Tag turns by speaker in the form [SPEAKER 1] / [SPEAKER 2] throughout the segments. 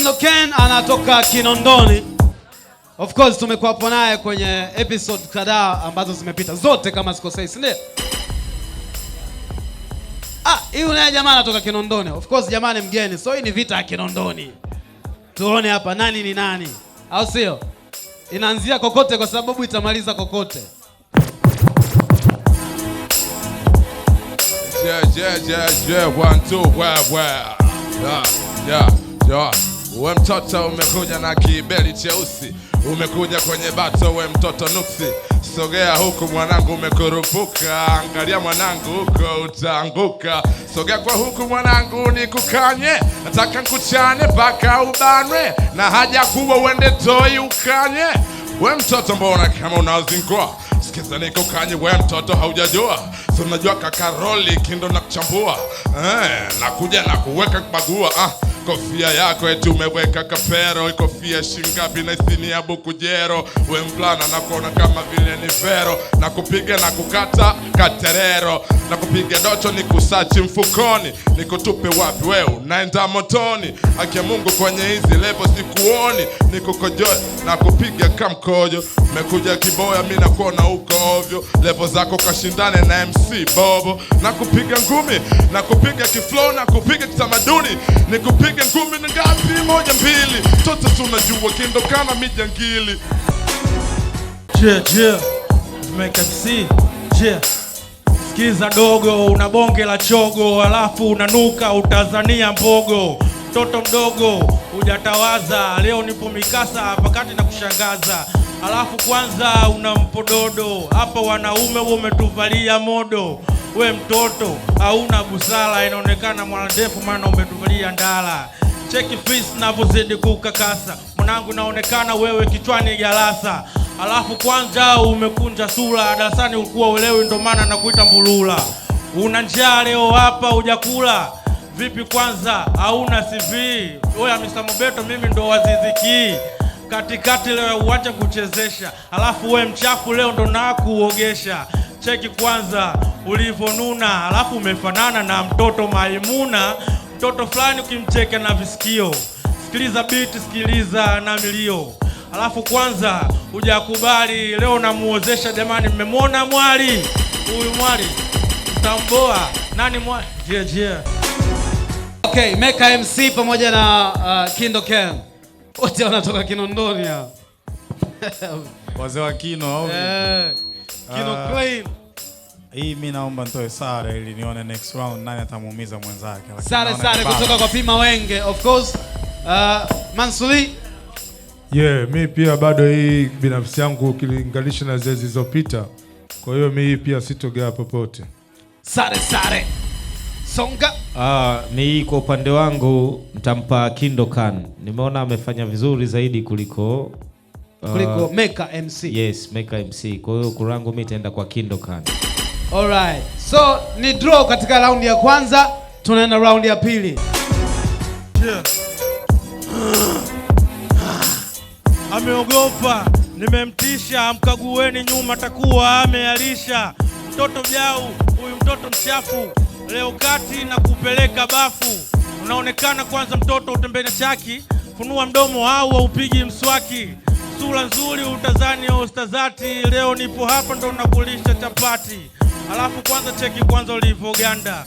[SPEAKER 1] Mtindo Ken anatoka Kinondoni. Of course tumekuwapo naye kwenye episode kadhaa ambazo zimepita zote kama sikosei, si ndio? Ah, hii unaye jamaa anatoka Kinondoni. Of course jamaa ni mgeni, so hii ni vita ya Kinondoni. Tuone hapa nani ni nani, au sio? Inaanzia kokote kwa sababu itamaliza kokote. Yeah, yeah, yeah, yeah. One, two, wah, wah. Yeah, yeah, yeah we mtoto umekuja na kibeli cheusi, umekuja kwenye bato, we mtoto nuksi, sogea huku mwanangu, umekurupuka, angalia mwanangu, huko utaanguka, sogea kwa huku mwanangu, nikukanye, nataka nkuchane mpaka ubanwe, na haja kubwa uende toi ukanye, we mtoto, mbona kama unaozingua Sikiza niko we mtoto haujajua, si kakaroli kindo na kuchambua eh, nakuja na kuweka kubagua ah kofia yako eti umeweka kapero, kofia shingapi na isini ya bukujero, we mvulana nakona kama vile ni vero, na kupiga na kukata katerero, na kupiga docho ni kusachi mfukoni, ni kutupe wapi wewe unaenda motoni, akia Mungu kwenye hizi lepo sikuoni, ni kukojoe na kupiga kamkojo, mekuja kiboya mi nakuona uko ovyo, lebo zako kashindane na MC Bobo, na kupiga ngumi na kupiga kiflo na kupiga kitamaduni ni kupiga moja ngumi ni ngapi? Moja mbili, tote tunajua kindokana mijangili. Yeah, yeah. Yeah. dogo, una bonge la chogo, alafu unanuka utazania mbogo. Mtoto mdogo hujatawaza, leo nipo mikasa pakati na kushangaza, alafu kwanza una mpododo hapa, wanaume umetuvalia modo we mtoto hauna busara, inaonekana ndefu, maana umetumilia ndala. Cheki fisi navyozidi kukakasa, mwanangu, naonekana wewe kichwani jalasa. Alafu kwanza umekunja sura, darasani ulikuwa uelewi, ndo maana nakuita mbulula. Una njaa leo hapa hujakula vipi? Kwanza hauna CV Oya Mr. Mobeto, mimi ndo waziziki katikati leo uwanja kuchezesha, alafu we mchafu leo ndo nakuogesha. Cheki kwanza ulivonuna alafu umefanana na mtoto Maimuna, mtoto fulani ukimcheka na visikio. Sikiliza biti, sikiliza na milio, alafu kwanza hujakubali leo namuozesha. Jamani, mmemwona mwali huyu? Mwali tamboa nani? mwa jia jia. Okay, Meka MC pamoja na uh, Kindo Ken wote wanatoka Kinondoni hao
[SPEAKER 2] wazee wa Kino au
[SPEAKER 1] eh, Kino Queen ah.
[SPEAKER 2] Hii mi naomba nitoe sare ili nione next round nani atamuumiza mwenzake.
[SPEAKER 1] Sare sare kutoka kwa Pima Wenge. Of course, uh, Mansuri.
[SPEAKER 3] Yeah, mi pia bado hii binafsi yangu ukilinganisha na zile zilizopita. Kwa hiyo mi pia sitogea popote.
[SPEAKER 1] Sare sare. Songa.
[SPEAKER 3] Ah, ni kwa upande wangu mtampa Kindokan. Nimeona amefanya vizuri zaidi kuliko
[SPEAKER 1] kuliko uh, Meka MC.
[SPEAKER 3] Yes, Meka MC. Kwa hiyo kurangu mi itaenda kwa Kindokan.
[SPEAKER 1] Alright. So ni draw katika raundi ya kwanza, tunaenda raundi ya pili. Yeah. Ameogopa, nimemtisha, amkagueni nyuma, takuwa amealisha mtoto jau Huyu mtoto mchafu, leo kati na kupeleka bafu. Unaonekana kwanza mtoto, utembee na chaki, funua mdomo au upigi mswaki sura nzuri utazani ustazati, leo nipo hapa ndo nakulisha chapati Alafu kwanza cheki kwanza ulivyoganda,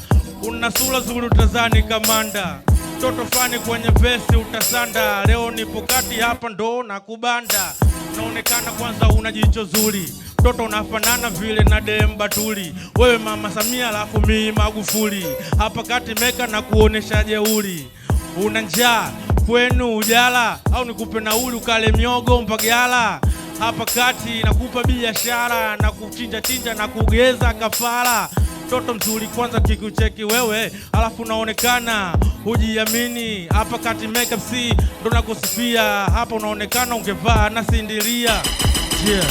[SPEAKER 1] una sura zuri utazani kamanda, toto fani kwenye vesi utasanda. Leo nipo kati hapa ndo na kubanda, unaonekana kwanza una jicho zuri Toto unafanana vile na Demba Tuli, wewe Mama Samia alafu mimi Magufuli, hapa kati meka na kuonesha jeuri. Una njaa kwenu ujala, au nikupe nauli ukale miogo mpagala? hapa kati na kupa biashara na kuchinja chinja na kugeza kafara. Mtoto mzuri kwanza kikucheki wewe, alafu unaonekana hujiamini. Hapa kati makeup si ndo nakusifia hapa, unaonekana ungevaa na sindiria. Yeah.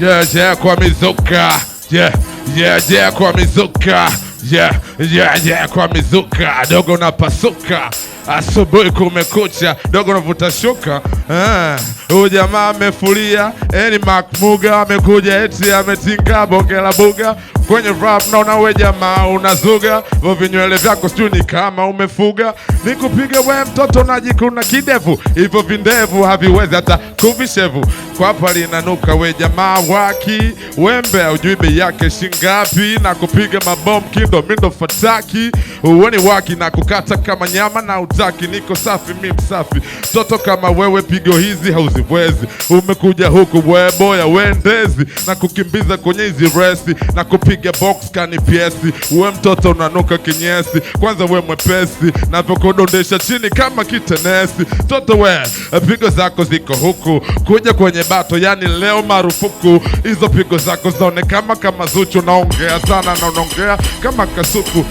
[SPEAKER 1] Yeah, yeah, kwa mizuka. Yeah, yeah, yeah, kwa mizuka. Yeah, yeah, yeah, kwa mizuka. Dogo napasuka Asubuhi kumekucha. Dogo navuta shuka. Eh, huyu jamaa amefulia. Eni Makmuga amekuja eti ametinga bokela buga kwenye rap, naona we jamaa unazuga vinywele vyako sijui ni kama umefuga, nikupige we mtoto unajikuna kidevu, hivyo vindevu haviwezi hata kuvishevu, kwapa linanuka we jamaa waki wembe, aujui bei yake shingapi, na kupiga mabom kindo mindo fataki, uweni waki na kukata kama nyama na utaki, niko safi mi msafi toto kama wewe pia pigo hizi hauziwezi. Umekuja huku weboya wendezi na kukimbiza kwenye hizi resi na kupiga box kani piesi. Uwe mtoto unanuka kinyesi, kwanza we mwepesi navyokudondesha chini kama kitenesi. Toto we pigo zako ziko huku, kuja kwenye bato yani leo marufuku. Hizo pigo zako zone kama Zuchu, naongea sana na unaongea kama kasuku.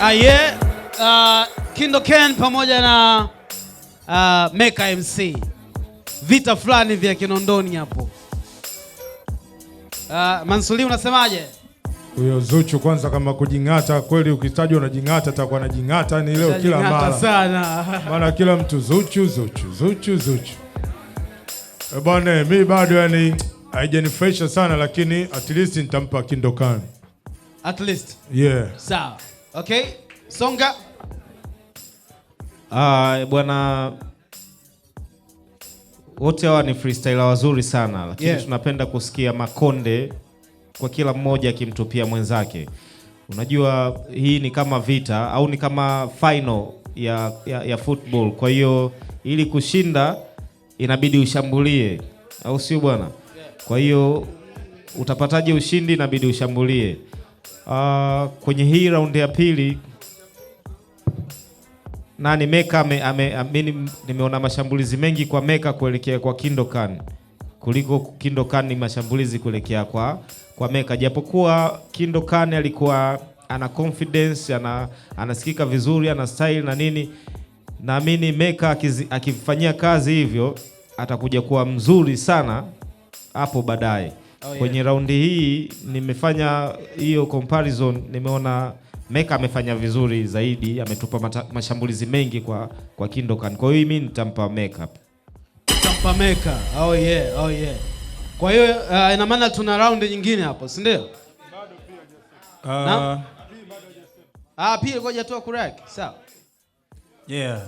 [SPEAKER 1] Aye, uh, Kindo Ken pamoja na uh, ah, Meka MC vita fulani vya Kinondoni hapo. Uh, Mansuri unasemaje?
[SPEAKER 3] Huyo Zuchu kwanza, kama kujing'ata kweli, ukitajwa unajing'ata, atakuwa anajing'ata ni leo kila mara
[SPEAKER 1] sana
[SPEAKER 3] maana kila mtu Zuchu, Zuchu, Zuchu, Zuchu. E bwana, mi bado yani haijanifurahisha sana, lakini at least nitampa kindokani at least. Yeah.
[SPEAKER 1] Sawa. Okay. Songa
[SPEAKER 4] Ah, bwana wote hawa ni freestyler wazuri sana lakini yeah. Tunapenda kusikia makonde kwa kila mmoja akimtupia mwenzake. Unajua hii ni kama vita au ni kama final ya, ya, ya football. Kwa hiyo ili kushinda inabidi ushambulie, au sio bwana? Kwa hiyo utapataje ushindi? Inabidi ushambulie. Uh, kwenye hii raundi ya pili nani Meka ame, ame, ame, nimeona mashambulizi mengi kwa Meka kuelekea kwa Kindokan kuliko Kindokan ni mashambulizi kuelekea kwa, kwa Meka, japokuwa Kindokan alikuwa ana confidence ana, anasikika vizuri ana style na nini. Naamini Meka akifanyia kazi hivyo atakuja kuwa mzuri sana hapo baadaye. Oh, yeah. Kwenye raundi hii nimefanya hiyo comparison, nimeona Meka amefanya vizuri zaidi, ametupa mashambulizi mengi kwa, kwa Kindokan. Kwa hiyo mimi nitampa Meka.
[SPEAKER 1] Nitampa Meka. Oh yeah, oh yeah. Kwa hiyo uh, ina maana tuna round nyingine hapo, si ndio? Bado uh, ah, pia ngoja tu akuraki. Sawa.
[SPEAKER 5] Yeah.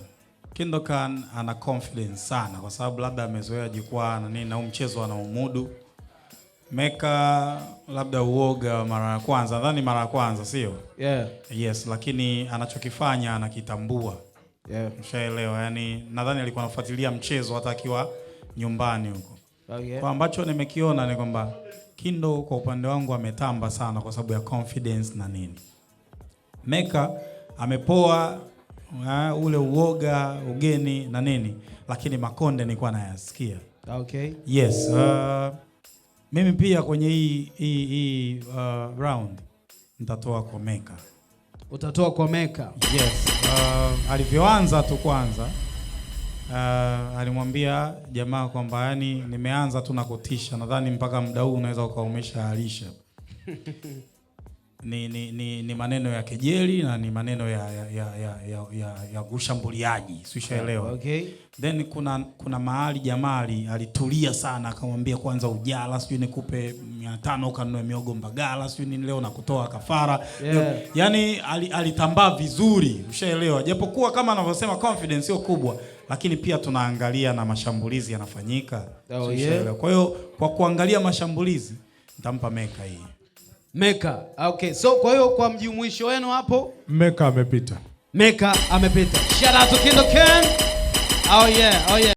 [SPEAKER 5] Kindokan ana confidence sana kwa sababu labda amezoea jukwaa na nini na huu mchezo anaumudu Meka labda uoga mara ya kwanza, nadhani mara ya kwanza sio? Yeah. Yes, lakini anachokifanya anakitambua. Yeah. Mshaelewa, yani nadhani alikuwa anafuatilia mchezo hata akiwa nyumbani huko. Oh, yeah. Kwa ambacho nimekiona ni kwamba Kindo kwa upande wangu ametamba sana kwa sababu ya confidence na nini. Meka amepoa uh, ule uoga, ugeni na nini, lakini makonde nilikuwa nayasikia. Okay. Yes, uh, mimi pia kwenye hii hii hii uh, round nitatoa Meka.
[SPEAKER 1] Utatoa Meka?
[SPEAKER 5] Yes. Uh, alivyoanza tu kwanza uh, alimwambia jamaa kwamba yani nimeanza tu na kutisha, nadhani mpaka muda huu unaweza ukaomesha alisha ni, ni, ni, ni maneno ya kejeli na ni maneno ya, ya, ya, ya, ya, ya, ya ushambuliaji sishaelewa. Okay. Then kuna kuna mahali jamali alitulia sana akamwambia, kwanza ujala, sijui nikupe mia tano ukanunue miogo Mbagala, sijui ni leo nakutoa kafara yeah. yani alitambaa vizuri, ushaelewa, japokuwa kama anavyosema confidence sio kubwa, lakini pia tunaangalia na mashambulizi yanafanyika.
[SPEAKER 1] Oh, yeah.
[SPEAKER 5] Kwa hiyo kwa kuangalia mashambulizi ntampa meka hii.
[SPEAKER 1] Meka. Okay. So kwa hiyo kwa mjumuisho wenu hapo
[SPEAKER 3] Meka amepita.
[SPEAKER 1] Meka amepita. Shout out to Kindo Ken. Oh yeah. Oh yeah.